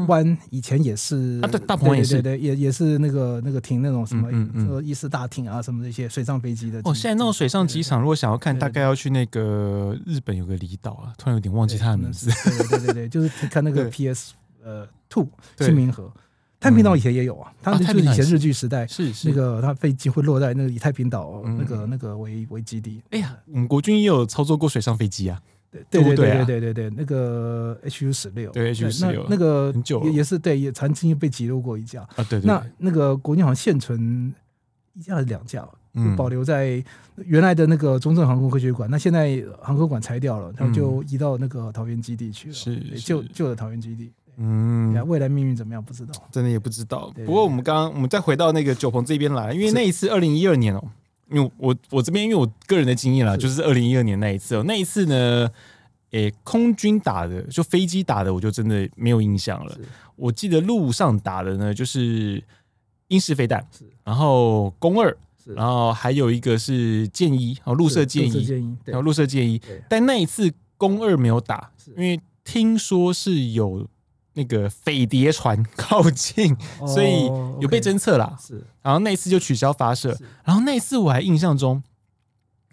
灣以前也是，對、嗯啊、大鵬灣也是，也也是那個那個停那種什麼，嗯嗯，一、嗯、些、那個、大艇啊什麼那些水上飛機的。哦，現在那種水上機場對對對，如果想要看對對對，大概要去那個日本有個離島啊，突然有點忘記他的名字對。對對對，就是看那個 PS 呃，two 清明河。太平島以前也有啊、嗯，它就是以前日據時代，啊、是,是是那個它飛機會落在那個以太平島那個、嗯那個、那個為為基地。哎呀、嗯，國軍也有操作過水上飛機啊，對對對對對對對，那個 H U 十六，對 H U 16。那個也是對，也曾經被擊落過一架啊。對，對。那那個國軍好像現存一架兩架，嗯、保留在原來的那個中正航空科學館。那現在航空館拆掉了，然後就移到那個桃園基地去了，嗯、是舊舊的桃園基地。嗯，未來命運怎麼樣不知道，真的也不知道。對對對對不過我們剛剛，我們再回到那個九鵬這邊來，因為那一次二零一二年哦、喔，因為我我這邊因為我個人的經驗啦，就是二零一二年那一次哦、喔，那一次呢，誒、欸，空軍打的就飛機打的，我就真的沒有印象了。我記得陸上打的呢，就是英式飛彈，然後弓二，然後還有一個是劍一哦，陸射劍一，劍一，然後陸射劍一,一,一。但那一次弓二沒有打，因為聽說是有。那個匪諜船靠近，oh, 所以有被偵測了。是、okay，然後那一次就取消發射。然後那一次我還印象中，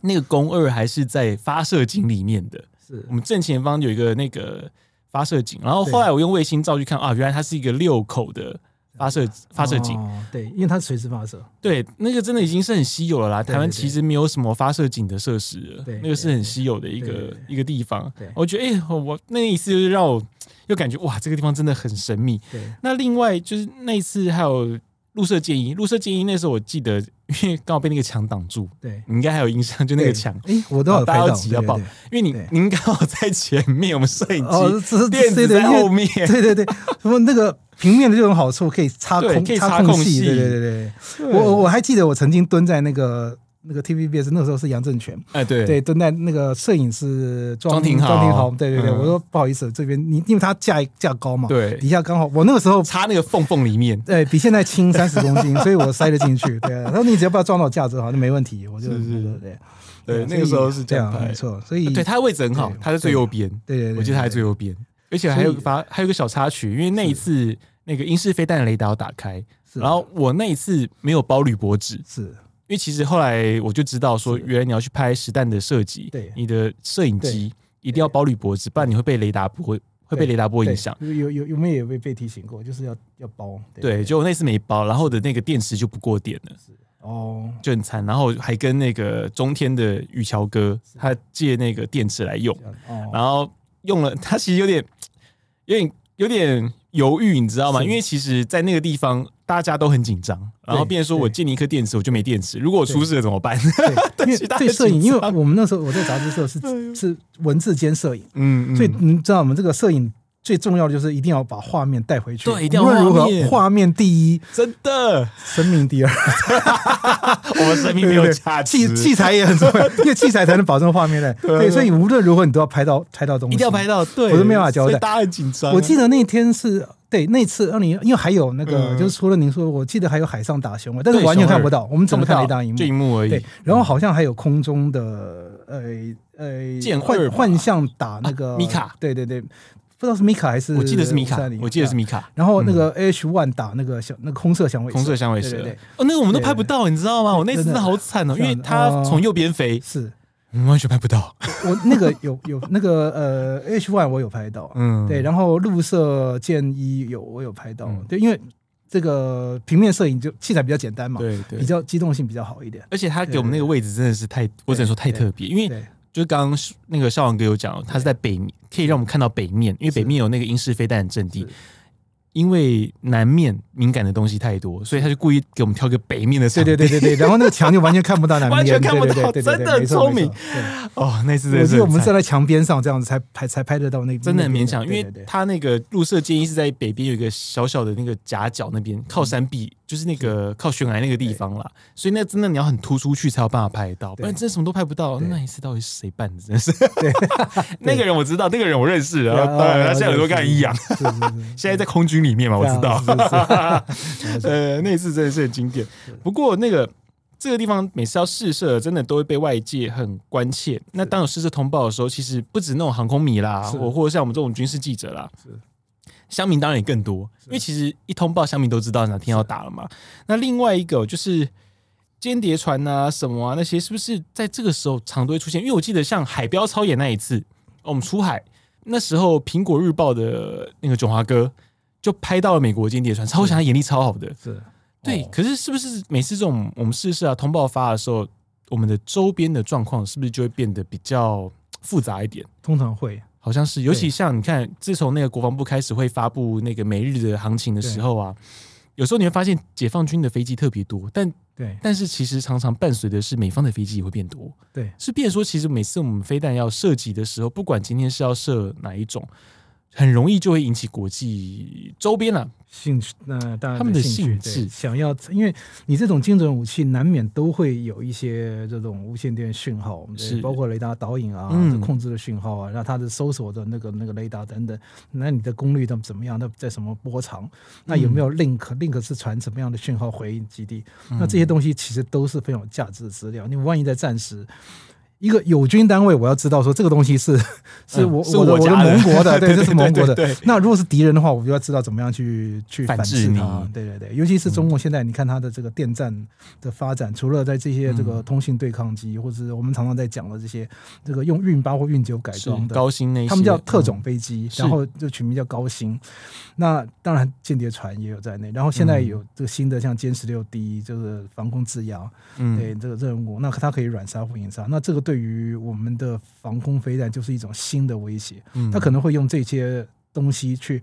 那個弓二還是在發射井裡面的。是我們正前方有一個那個發射井。然後後來我用衛星照去看啊，原來它是一個六口的發射發射井。Oh, 對，因為它垂直發射。對，那個真的已經是很稀有了啦。台灣其實沒有什麼發射井的設施了，對，對，對，那個是很稀有的一個對對對對，一個地方。對，對，對，我覺得哎，我那一次就是讓我。又感覺哇，這個地方真的很神秘。對。那另外就是那一次還有陸射劍二，陸射劍二那時候我記得，因為剛好被那個牆擋住。對，你應該還有印象，就那個牆，誒、欸，我都有拍到，啊、哦，不？因為你您剛好在前面，我們攝影機、電子在後面。對對對，什 麼那個平面的這種好處可，可以插空、插空隙。對對對，對對對對我我還記得我曾經蹲在那個。那個 TVBS 那個時候是楊正全，哎、欸、對對，蹲在那個攝影師莊廷豪，對對對，嗯、我說不好意思，這邊你因為他架架高嘛，對，底下剛好我那個時候插那個縫縫裡面，對，比現在輕三十公斤， 所以我塞得進去。對啊，他說你只要不要撞到我架子就好，那沒問題，我就是，是我對對對，那個時候是這樣，啊，沒錯，所以對他的位置很好，他在最右邊，對對對，我記得他在最右邊，而且還有個發還有個小插曲，因為那一次那個英式飛彈雷達打開，然後我那一次沒有包鋁箔紙，是。因為其實後來我就知道，說原來你要去拍實彈的射擊，對，你的攝影機一定要包鋁箔紙，不然你會被雷達波會會被雷達波影響。有有有沒有也被被提醒過？就是要要包對對對對。對，就那次沒包，然後的那個電池就不過電了。哦。就很慘，然後還跟那個中天的雨橋哥，他借那個電池來用，哦，然後用了，他其實有點有點有點、有點猶豫，你知道嗎？因為其實在那個地方。大家都很緊張，然後別人說，我借你一顆電池，我就沒電池。如果我出事了怎麼辦？對，因為這攝影，因為我們那時候 我在雜誌社是、哎、是文字兼攝影嗯，嗯，所以你知道我們這個攝影。最重要的就是一定要把畫面帶回去。對，一定要畫面無論如何，畫面第一，真的，生命第二。 我們生命沒有價值，器器材也很重要，因為器材才能保證畫面的。對，對，所以無論如何，你都要拍到，拍到東西，一定要拍到。對，我都沒辦法交代。大家很緊張。我記得那天是對那次二零，因為還有那個、嗯，就是除了您說，我記得還有海上打雄、啊嗯、但是完全看不到，我們怎麼看雷達大一幕，一幕而已。對，然後好像還有空中的呃呃幻幻象打那個米卡，對對對，對。不知道是，Mika 是, 530，是米卡還是、啊？我記得是米卡，我記得是米卡。然後那個 H One 打那個小那個空射香味色，空射香味色，是對，對，對，對，對，對哦，那個我們都拍不到，你知道嗎？我那次真的好慘哦、喔嗯，因為他從右邊飛，嗯、是完全拍不到。我，我那個有 有那個呃 H One 我有拍到、啊，嗯，對。然後陸射劍一有我有拍到、啊嗯，對，因為這個平面攝影就器材比較簡單嘛，對對，對，比較機動性比較好一點。對對對。而且他給我們那個位置真的是太，對對對我只能說太特別，因為。對對對就是剛剛那個少王哥有講，他是在北，可以讓我們看到北面，因為北面有那個鷹式飛彈的陣地。因為南面敏感的東西太多，所以他就故意給我們挑個北面的。對對對對對，然後那個牆就完全看不到南面， 完全看不到。對對對對真的很聰明，哦，那是的。是我們是站在牆邊上這樣子才拍才拍得到那個，真的很勉強。因為他那個入射建議是在北邊有一個小小的那個夾角那邊靠山壁。嗯就是那個靠懸崖那個地方啦，所以那真的你要很突出去才有辦法拍得到，不然真的什麼都拍不到。那一次到底是誰辦的，真的對？真是 那個人我知道，那個人我認識啊。他現在都幹一樣 現在在空軍裡面嘛，我知道。是是是，呃， 那一次真的是很經典。不過那個這個地方每次要試射，真的都會被外界很關切。那當有試射通報的時候，其實不止那種航空迷啦，我或者像我們這種軍事記者啦，鄉民當然也更多，因為其實一通報鄉民都知道哪天要打了嘛。那另外一個就是間諜船啊、什麼、啊、那些，是不是在這個時候常都會出現？因為我記得像海標操演那一次，我們出海那時候，蘋果日報的那個囧華哥就拍到了美國間諜船，超想他眼力超好的，對、哦。可是是不是每次這種我們試射啊通報發的時候，我們的周邊的狀況是不是就會變得比較複雜一點？通常會。好像是，尤其像你看，自從那個國防部開始會發布那個每日的航情的時候啊，有時候你會發現解放軍的飛機特別多，但對，但是其實常常伴隨的是美方的飛機也會變多，對，是變成說，其實每次我們飛彈要射擊的時候，不管今天是要射哪一種。很容易就會引起國際周邊、啊、的興趣，那大家他們的興趣想要，因為你這種精準武器難免都會有一些這種無線電訊號，是包括雷達導引啊、嗯、控制的訊號啊，然後它的搜索的那個那個雷達等等，那你的功率怎麼怎麼樣？那在什麼波長？那有沒有 link、嗯、link 是傳什麼樣的訊號回應基地、嗯？那這些東西其實都是非常有價值的資料。你萬一在戰時。一個友軍單位，我要知道說這個東西是、嗯、是我的是我的我的盟國的，對，這是盟國的。那如果是敵人的話，我就要知道怎麼樣去去反制你反制。對對對，尤其是中國現在、嗯，你看它的這個電戰的發展，除了在這些這個通信對抗機，嗯、或者我們常常在講的這些這個用運八或運九改裝的高新那一些，他們叫特種飛機，嗯、然後就取名叫高新。那當然，間諜船也有在內。然後現在有這個新的，像殲十六 D 就是防空制壓、嗯，對這個任務，那它可以軟殺或硬殺。那這個對。對於我們的防空飛彈就是一種新的威脅，嗯，他可能會用這些東西去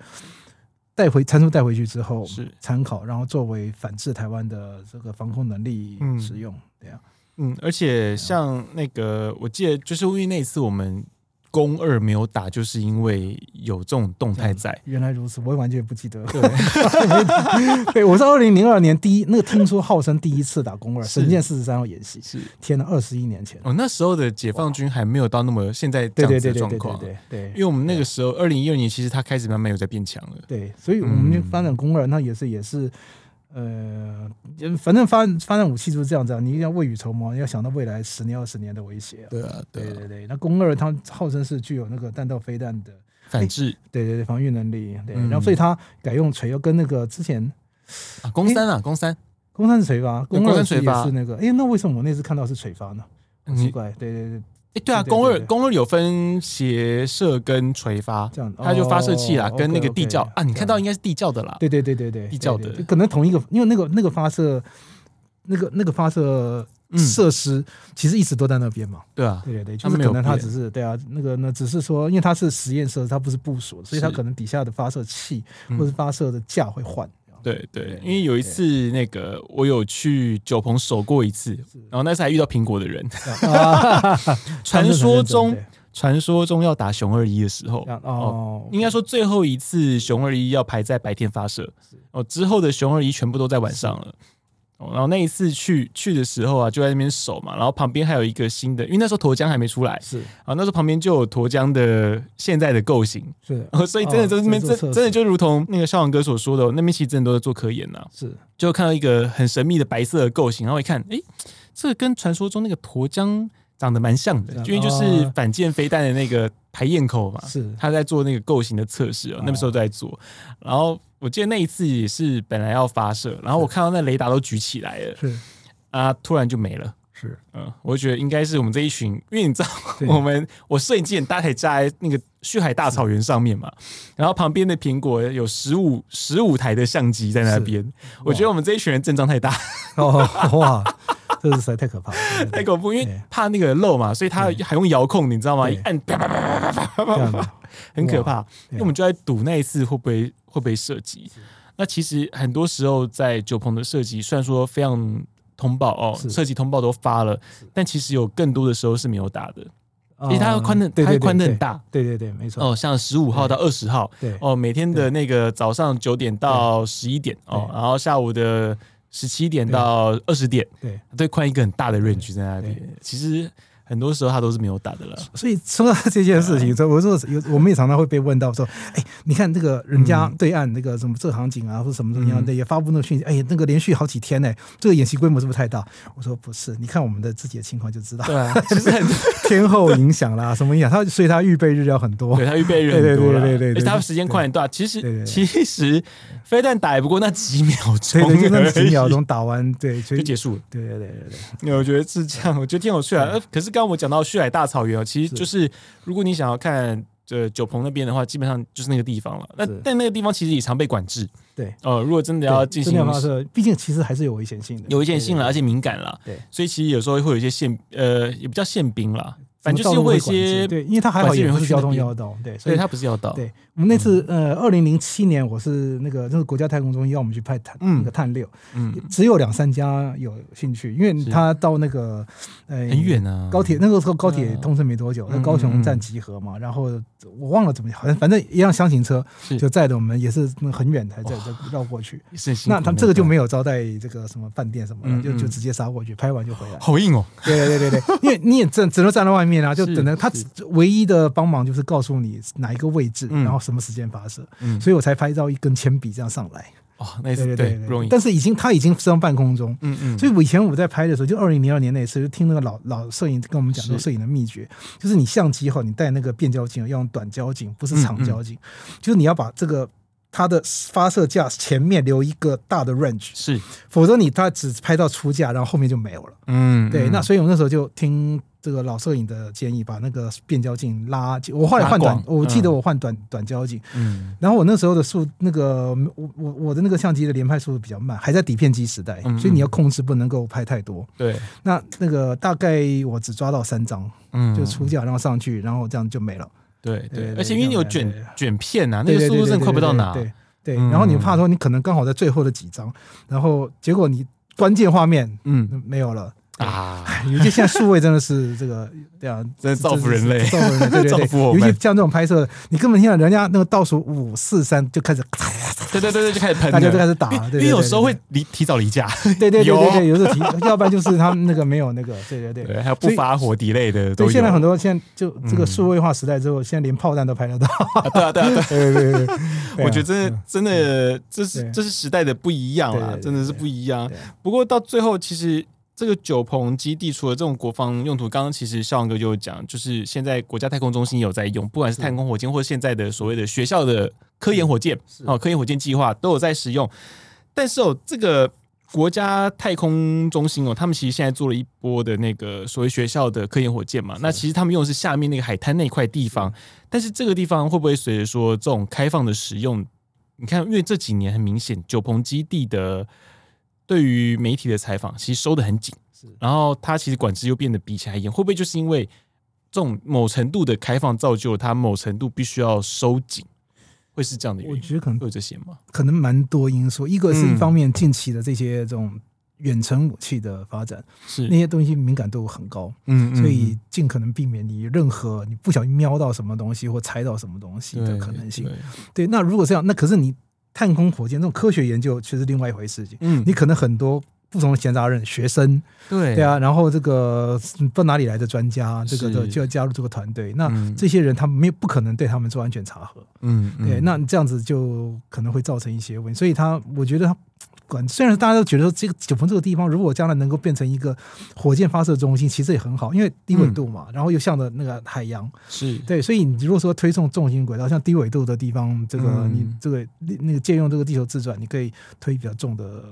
帶回參數，帶回去之後是參考，然後作為反制台灣的這個防空能力使用，對呀，嗯，嗯，而且像那個我記得就是因為那次我們，工二沒有打，就是因為有這種動態在。原來如此，我也完全不記得。對， 對我是二零零二年第一，那個聽說號稱第一次打弓二，神劍四十三號演習，是天吶二十一年前。哦，那時候的解放軍還沒有到那麼現在這樣子的狀況。對對對對對對，對，對，對，對，因為我們那個時候二零一二年，其實他開始慢慢有在變強了。對，所以我們就發展弓二、嗯，那也是也是。呃，反正發發展武器就是這樣子啊，你一定要未雨綢繆，要想到未來十年二十年的威脅、啊啊。對啊，對對對，那弓二它號稱是具有那個彈道飛彈的反制、欸，對對對防禦能力。對、嗯，然後所以它改用垂，要跟那個之前、嗯欸、啊，弓三啊，弓三，弓三是垂發，弓二是垂也是那個，哎、欸，那為什麼我那次看到是垂發呢？很奇怪。嗯、對對對。哎、欸，對啊，弓二弓二有分斜射跟垂發，這樣、哦，它就發射器啦，哦、跟那個地窖 okay, okay, 啊，你看到應該是地窖的啦，對對對對對，地窖的，對對對可能同一個，因為那個那個發射，那個那個發射設施、嗯、其實一直都在那邊嘛，對啊，對對對，就是可能它只是，對啊，那個那只是說，因為它是實驗設施它不是部署是，所以它可能底下的發射器、嗯、或是發射的架會換。對對，因為有一次那個我有去九鵬守過一次，然後那次還遇到蘋果的人。啊、 傳說中， 傳說中要打雄二 E 的時候，哦，應該說最後一次雄二 E 要排在白天發射，哦，之後的雄二 E 全部都在晚上了。然後那一次去去的時候啊，就在那邊守嘛，然後旁邊還有一個新的，因為那時候沱江還沒出來，是啊，那時候旁邊就有沱江的現在的構型，是，所以真的在那邊真、哦、真的就如同那個孝煌哥所說的、哦，那邊其實真的都在做科研呢，是，就看到一個很神秘的白色的構型，然後一看，哎，這個跟傳說中那個沱江長得蠻像的，因為就是反艦飛彈的那個排焰口嘛，是他在做那個構型的測試哦，那個時候在做、哦，然後。我記得那一次也是本來要發射，然後我看到那雷達都舉起來了，是啊，突然就沒了。是嗯，我覺得應該是我們這一群，因為你知道我，我們我攝影機站在那個旭海大草原上面嘛，然後旁邊的蘋果有十五十五台的相機在那邊，我覺得我們這一群人陣仗太大，哇，這是實在太可怕 對對對，太恐怖，因為怕那個漏嘛，所以他還用遙控，你知道嗎？一按啪啪啪啪啪啪，很可怕。因為我們就在賭那一次會不會。會不會射擊？那其實很多時候在九鵬的射擊雖然說非常通報哦，射擊通報都發了，但其實有更多的時候是沒有打的。其實它寬的，嗯、對對對，它寬的很大，對對對，對對對沒錯。哦，像十五號到二十號，對哦，每天的那個早上九點到十一點哦，然後下午的十七點到二十點，對，對，寬一個很大的 range 在那裡。其實。很多時候他都是沒有打的了。所以說到這件事情，說我說有，我們也常常會被問到說：“哎，你看這個人家對岸那個什麼、嗯、這個場景啊，或者什麼東西啊，的、嗯、也發布那個訊息，哎呀，那個連續好幾天呢、欸，這個演習規模是不是太大？”我說：“不是，你看我們的自己的情況就知道，對、啊，就是 天候影響啦， 什麼影響？他所以他預備日要很多，對他預備日很多對，對，對對對對對，他時間快跨度其實對對對對其實非但打不過那幾秒鐘對對對，就那幾秒鐘打完，對就，就結束了。對對對對對，我覺得是這樣，我覺得挺有趣啊。可是剛那我講到旭海大草原啊、哦，其實就是，是如果你想要看呃九鵬那邊的話，基本上就是那個地方了。那但那個地方其實也常被管制。對，哦、呃。如果真的要進行，畢竟其實還是有危險性的，有危險性了，而且敏感了。對，所以其實有時候會有一些憲呃，也不叫憲兵了，反正就是會有一些會，對，因為它還有一些人會去交通要道，對，所以它不是要道，對。我們那次呃，二零零七年，我是那個，那個國家太空中心要我們去拍那個探六、嗯，嗯，只有兩三家有興趣，因為他到那個呃很遠啊，高鐵那個時候高鐵通車沒多久，嗯、高雄站集合嘛、嗯，然後我忘了怎麼好像反正一輛箱型車就載着我們，是我們也是很遠才在繞過去、哦。那他這個就沒有招待這個什麼飯店什麼的，嗯、就就直接殺過去，拍完就回來。好硬哦，對對對對， 因為你也只能站在外面啊，就等着他唯一的幫忙就是告訴你哪一個位置，然後什。什麼時間發射？嗯，所以我才拍到一根鉛筆這樣上來。哦，那對對對，不容易。但是已經它已經升到半空中，嗯嗯。所以以前我在拍的時候，就二零零二年那次，就聽那個老老攝影跟我們講，說攝影的秘訣就是你相機哈，你帶那個變焦鏡，要用短焦鏡，不是長焦鏡，嗯嗯。就是你要把這個它的發射架前面留一個大的 range，是，否則你它只拍到出架，然後後面就沒有了。嗯，對。嗯，那所以我那時候就聽。這個老攝影的建議，把那個變焦鏡拉，我換換短，我記得我換短、嗯、短焦鏡，嗯，然後我那時候的速那個我我我的那個相機的連拍速度比較慢，還在底片機時代，嗯，所以你要控制不能夠拍太多，對，嗯，那那個大概我只抓到三張，嗯，就出掉，然後上去，然後這樣就沒了，對對，對，對，而且因為你有卷卷片吶，啊，那個速度是快不到哪，對對，對，對，對，嗯，對，然後你怕說你可能剛好在最後的幾張，然後結果你關鍵畫面嗯沒有了。啊，尤其現在數位真的是這個對啊，真造福人類，就是造福人類，對對對造福我們。尤其像這種拍攝，你根本聽到人家那個倒數五四三就開始，對對對對，就開始噴，大家都開始打因。因為有時候會離提早離架，對對對對，對，有，有時候提，要不然就是他們那個沒有那個，對對對。對還有不發火 delay 的，對，現在很多現在就這個數位化時代之後，嗯、現在連炮彈都拍得到。啊、對、啊、對、啊、對、啊、對、啊、對、啊， 我覺得真的真的、嗯、這是這是時代的不一樣了，真的是不一樣對對對對對。不過到最後其實。這個九鵬基地除了這種國防用途，剛剛其實孝煌哥就有講，就是現在國家太空中心有在用，不管是太空火箭或現在的所謂的學校的科研火箭哦，科研火箭計劃都有在使用。但是哦，這個國家太空中心哦，他們其實現在做了一波的那個所謂學校的科研火箭嘛，那其實他們用的是下面那個海灘那塊地方。但是這個地方會不會隨着說這種開放的使用？你看，因為這幾年很明顯九鵬基地的。對於媒體的採訪，其實收得很緊，是。然後他其實管制又變得比以前還嚴，會不會就是因為這種某程度的開放造就他某程度必須要收緊？會是這樣的原因？我覺得可能有這些嗎？可能蠻多因素，一個是一方面近期的這些這種遠程武器的發展，是、嗯、那些東西敏感度很高，嗯，所以盡可能避免你任何你不小心瞄到什麼東西或猜到什麼東西的可能性。對,對,對,對，那如果這樣，那可是你。探空火箭這種科學研究卻是另外一回事情，嗯，你可能很多不同的閒雜人、學生，對對啊，然後這個不知道哪裡來的專家，這個就要加入這個團隊，那這些人他沒有不可能對他們做安全查核，嗯，對嗯，那這樣子就可能會造成一些問題，所以他我覺得他。雖然大家都覺得這個九鵬這個地方，如果將來能夠變成一個火箭發射中心，其實也很好，因為低緯度嘛、嗯，然後又向着那個海洋，是對，所以你如果說推送重型軌道，像低緯度的地方，這個、嗯、你這個那個借用這個地球自轉，你可以推比較重的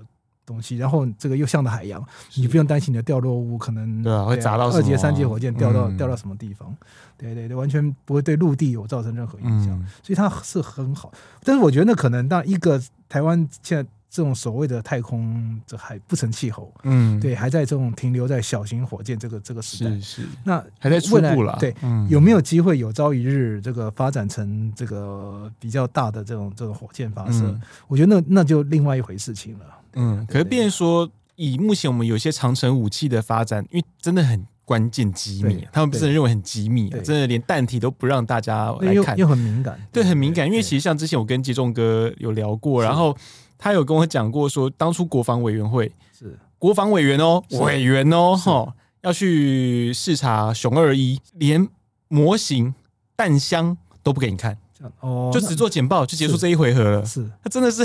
東西，然後這個又向着海洋，你不用擔心你的掉落物可能會砸到、啊、二節三節火箭掉到、嗯、掉到什麼地方，對對對，完全不會對陸地有造成任何影響、嗯，所以它是很好，但是我覺得可能當一個台灣現在。這種所謂的太空，這還不成氣候。嗯，對，還在這種停留在小型火箭這個這個時代。是是。那還在初步了。對、嗯，有沒有機會有朝一日這個發展成這個比較大的這種這種火箭發射？嗯、我覺得那那就另外一回事情了。嗯，對對，可是別說以目前我們有些長程武器的發展，因為真的很關鍵機密，他們真的認為很機密啊，真的連彈體都不讓大家來看，對，又，又很敏感。對，對很敏感，因為其實像之前我跟吉中哥有聊過，然後。他有跟我講過說，說當初國防委員會是國防委員哦、喔，委員哦、喔，要去視察雄二 E，連模型彈箱都不給你看，這樣哦，就只做簡報就結束這一回合了是。是，他真的是，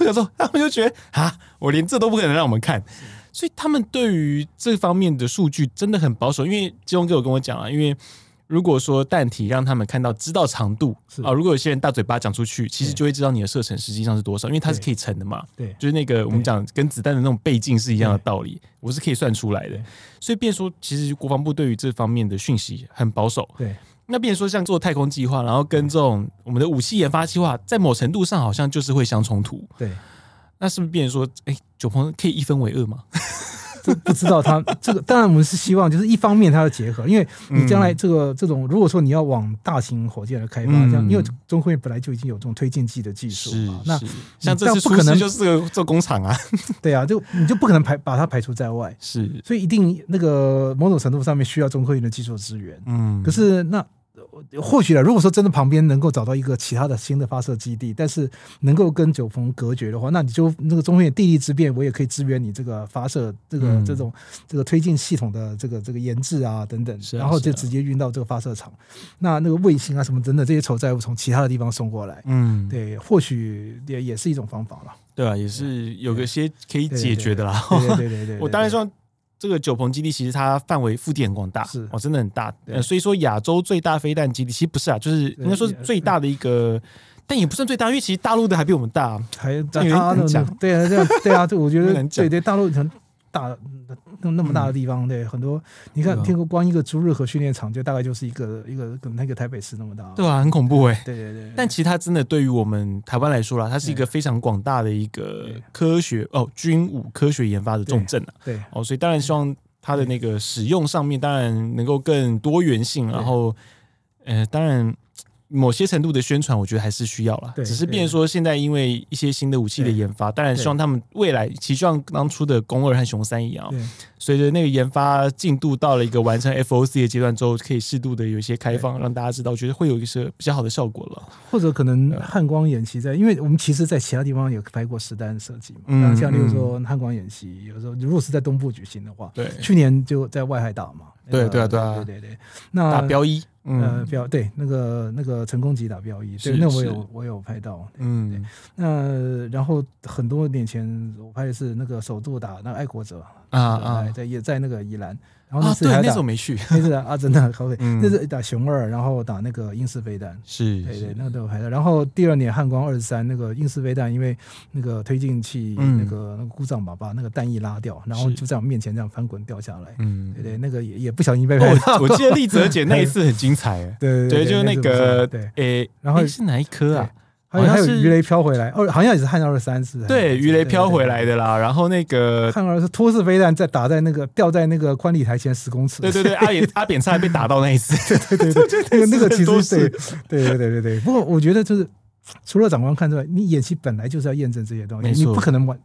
我想說，我就覺得啊，我連這都不可能讓我們看，所以他們對於這方面的數據真的很保守。因為金隆哥有跟我講啊，因為。如果說彈體讓他們看到知道長度啊，如果有些人大嘴巴講出去，其實就會知道你的射程實際上是多少，因為它是可以乘的嘛對。對，就是那個我們講跟子彈的那種倍鏡是一樣的道理，我是可以算出來的。所以變說，其實國防部對於這方面的訊息很保守。對，那變說像做太空計劃，然後跟這種我們的武器研發計劃，在某程度上好像就是會相衝突。對，那是不是變成說，哎、欸，九鵬可以一分為二嗎？ 這 不知道他這個，當然我們是希望，就是一方面它要結合，因為你將來這個這種，如果說你要往大型火箭來開發，這樣，因為中科院本來就已經有這種推進劑的技術，是，那像這樣不可能就是這個做工廠啊，對啊，就你就不可能排把它排除在外，是，所以一定那個某種程度上面需要中科院的技術資源，嗯，可是那。或許啊，如果說真的旁邊能夠找到一個其他的新的發射基地，但是能夠跟九鵬隔絕的話，那你就那個中科地利之便，我也可以支援你這個發射這個、嗯、這種這個推進系統的這個這個研製啊等等，然後就直接運到這個發射場。啊啊、那那個衛星啊什麼等等這些酬載物從其他的地方送過來，嗯，對，或許也也是一種方法了。對啊，也是有個些可以解決的啦。對對對對，我當然希望。這個九鵬基地其實它範圍腹地很廣大，是哦，真的很大。呃、所以說亞洲最大飛彈基地其實不是啊，就是應該說是最大的一個、嗯，但也不算最大，因為其實大陸的還比我們大、啊，還因為能講、那個、對，對啊，這樣對啊，這我覺得對，對對，大陸很。大那那麼大的地方，嗯、對，很多你看，聽過光一個朱日和訓練場，就大概就是一個一個那個台北市那麼大，對吧、啊？很恐怖哎、欸，對對，對，對對。但其實它真的對於我們台灣來說啦，它是一個非常廣大的一個科學哦，軍武科學研發的重鎮啊，對，對哦，所以當然希望它的那個使用上面，當然能夠更多元性，然後呃，當然。某些程度的宣傳，我覺得還是需要了。對，只是變說現在因為一些新的武器的研發，當然希望他們未來，其實像當初的“弓二”和“雄三”一樣，隨着那個研發進度到了一個完成 FOC 的階段之後，可以適度的有一些開放，讓大家知道，我覺得會有一個比較好的效果了。或者可能漢光演習，在因為我們其實在其他地方有拍過實彈射擊嘛，嗯，像例如說漢光演習、嗯，有時候如果是在東部舉行的話，對，去年就在外海打嘛，對、呃、對、啊對，啊、對對對，那標一。打嗯、呃，標，對，那個那個成功級打標一，對，是是那我有我有拍到，對，嗯對，那然後很多年前我拍的是那個首度打那個愛國者。啊啊，在、啊、也在那個宜蘭，然後那時候、啊、沒去，那是啊，真的好，k、 嗯、那是打雄二，然後打那個鷹式飛彈，是，對對，那個都拍了。然後第二年漢光二十三，那個鷹式飛彈因為那個推進器、嗯、那個那個故障嘛，把那個彈翼拉掉，然後就在我們面前這樣翻滾掉下來。嗯，對對，那個也也不小心被拍、哦、我，我記得麗澤姐那一次很精彩、欸， 對，對，對，對對對，就是那個那是對，誒、欸，然後、欸、是哪一顆啊？好、啊、像還有魚雷飄回、啊啊、回來，哦，好像也是漢二十三次。對、啊啊，魚雷飄回來的啦。嗯、然後那個漢二十三是拖式飛彈，在打在那個掉在那個觀禮台前十公尺。對對對，阿、 啊啊、扁阿扁差點被打到那一次。 對對對、對， 那個其實是對對對對對，不過我覺得就是除了長官看之外，你演習本來就是要驗證這些東西，你不可能完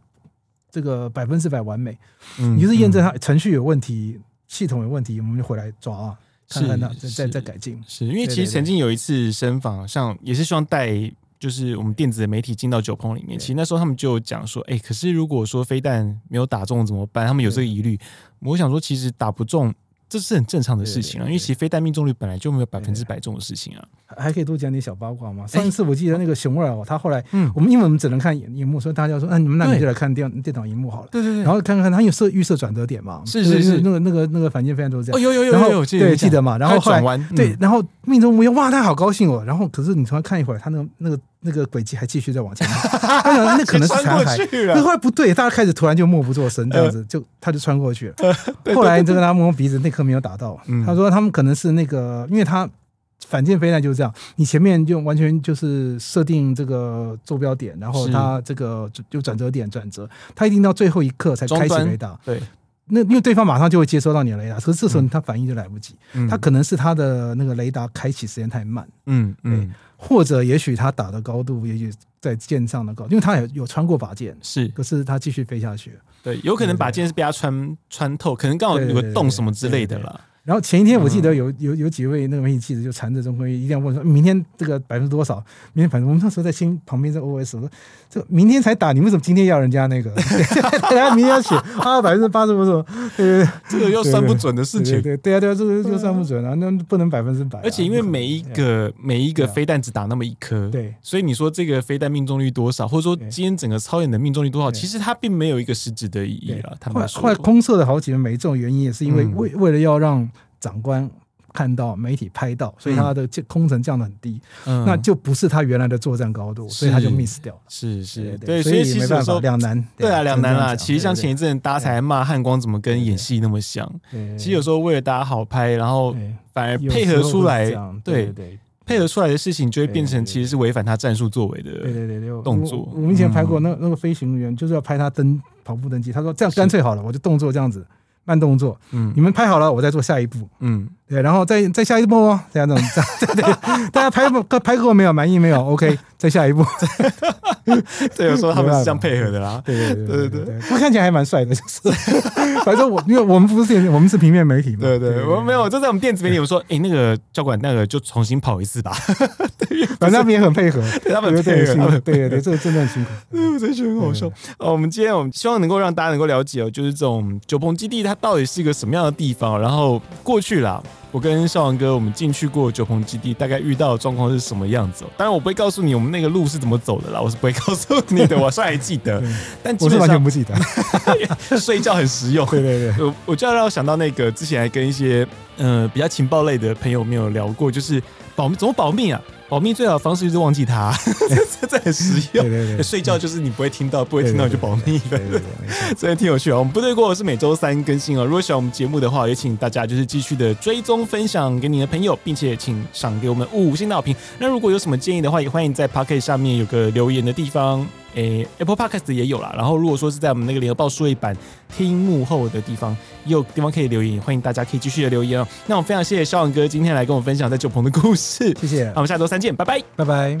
這個百分之百完美。嗯，你就是驗證它、嗯、程序有問題、系統有問題，我們就回來抓，看看啊。看看那再再、再改進。是，是因為對對對，其實曾經有一次參訪，像也是希望帶。就是我們電子的媒體進到九鵬裡面，其實那時候他們就講說，哎、欸，可是如果說飛彈沒有打中怎麼辦？他們有這個疑慮。我想說，其實打不中。這是很正常的事情啊，對對對對，因為其實飛彈命中率本來就沒有百分之百中的事情啊。還可以多講點小八卦嗎？上一次我記得那個雄二哦、喔，他、欸、後來，嗯，我們因為我們只能看熒幕，所以大家說，嗯、啊，你們兩個就來看電電腦熒幕好了。對對對、對。然後看看他有設預設轉折點嘛，對對對是、那個是是是、那個，那個那個那個房間非常多這樣。哦有有有有記得對記得嘛？然後轉完、嗯、對，然後命中目標，哇，他好高興哦、喔。然後可是你突然看一會兒，他那個那個。那個那個軌迹還繼續在往前跑，他想那可能是殘骸，那 後來不對，大家開始突然就默不作聲，這樣子、嗯、就他就穿過去了、嗯。後來就跟他摸摸鼻子，那顆沒有打到、嗯。他說他們可能是那個，因為他反艦飛彈就是這樣，你前面就完全就是設定這個坐標點，然後他這個就轉折點，轉折他一定到最後一刻才開啟雷達。對。那因為對方馬上就會接收到你的雷達，所以這時候他反應就來不及。嗯嗯、他可能是他的那個雷達開啟時間太慢。嗯嗯對，或者也許他打的高度，也許在艦上的高度，因為他有有穿過靶艦，是，可是他繼續飛下去。對，有可能靶艦是被他穿對對對對對穿透，可能剛好有個洞什麼之類的了。對對對對對對對對然後前一天我記得有、嗯、有有幾位那個媒體記者就纏着鍾紅一定要問說明天這個百分之多少？明天反正我們那時候在聽旁邊在 OS 我說，這個、明天才打，你們為什麼今天要人家那個？對，家明天要寫 啊百分之八是不是什麼？對,對,對，這個又算不準的事情。對對,對,對,啊,對啊對啊，這個又算不準啊,啊，那不能百分之百、啊。而且因為每一個 yeah, 每一個飛彈只打那麼一顆，yeah, 對、啊，所以你說這個飛彈命中率多少，或者說今天整個操演的命中率多少，yeah, 其實它並沒有一個實質的意義了。Yeah, 他們說，快快空射了好幾個沒這種原因也是因為為、嗯、為,為了要讓長官看到媒體拍到，所以他的空層降得很低，嗯，那就不是他原來的作戰高度，所以他就 miss 掉了。是是，對,對,對，所以其實說兩難，對啊，兩難啊。其實像前一陣大家才罵漢光怎麼跟演戲那麼像，對對對，其實有時候為了大家好拍，然後反而配合出來，對,對,對,對,對，配合出來的事情就會變成其實是違反他戰術作為的作，對對對。動作，我們以前拍過那個嗯、那個飛行員就是要拍他登跑步登機，他說這樣乾脆好了，我就動作這樣子。慢動作，嗯，你們拍好了，我再做下一步，嗯，對，然後再再下一步哦，這樣子，這樣，對對，大家拍拍過沒有？滿意沒有？OK，再下一步，這有時候他們是這樣配合的啦，對對，對對對對對，不過看起來還蠻帥的，就是。反正我因為我們不是我們是平面媒體嘛，對對，對，我們沒有就在我們電子媒體有有，我說哎那個交管那個就重新跑一次吧。 對、就是，反正他們，也對對對，他們很配合，對對對，他們很辛苦，對對，對，對，對對，這個真的很辛苦。哎呦，真是很好笑。哦，我們今天我們希望能夠讓大家能夠了解哦、喔，就是這種九鵬基地它到底是一個什麼樣的地方、喔，然後過去啦，我跟少王哥我們進去過九鵬基地，大概遇到的狀況是什麼樣子、喔、當然我不會告訴你我們那個路是怎麼走的啦，我是不會告訴你的，我雖然還記得，對對對但其實完全不記得 睡覺很實用。 對對對，對，我我就要讓我想到那個之前還跟一些嗯、呃、比較情報類的朋友沒有聊過，就是保密怎麼保密啊？保密最好的方式就是忘記它，在很實用。對對對對，睡覺就是你不會聽到，對對對對，不會聽到就保密，真所以挺有趣啊。我們部隊鍋是每周三更新哦。如果喜歡我們節目的話，也請大家就是繼續的追蹤分享給你的朋友，並且請賞給我們五星的好評。那如果有什麼建議的話，也歡迎在 Pocket 上面有個留言的地方。誒、欸，Apple Podcast 也有啦。然後，如果說是在我們那個聯合報數位版聽幕後的地方，也有地方可以留言，歡迎大家可以繼續的留言哦。那我非常謝謝孝煌哥今天來跟我分享在九鵬的故事，謝謝。那我們下周三見，拜拜，拜拜。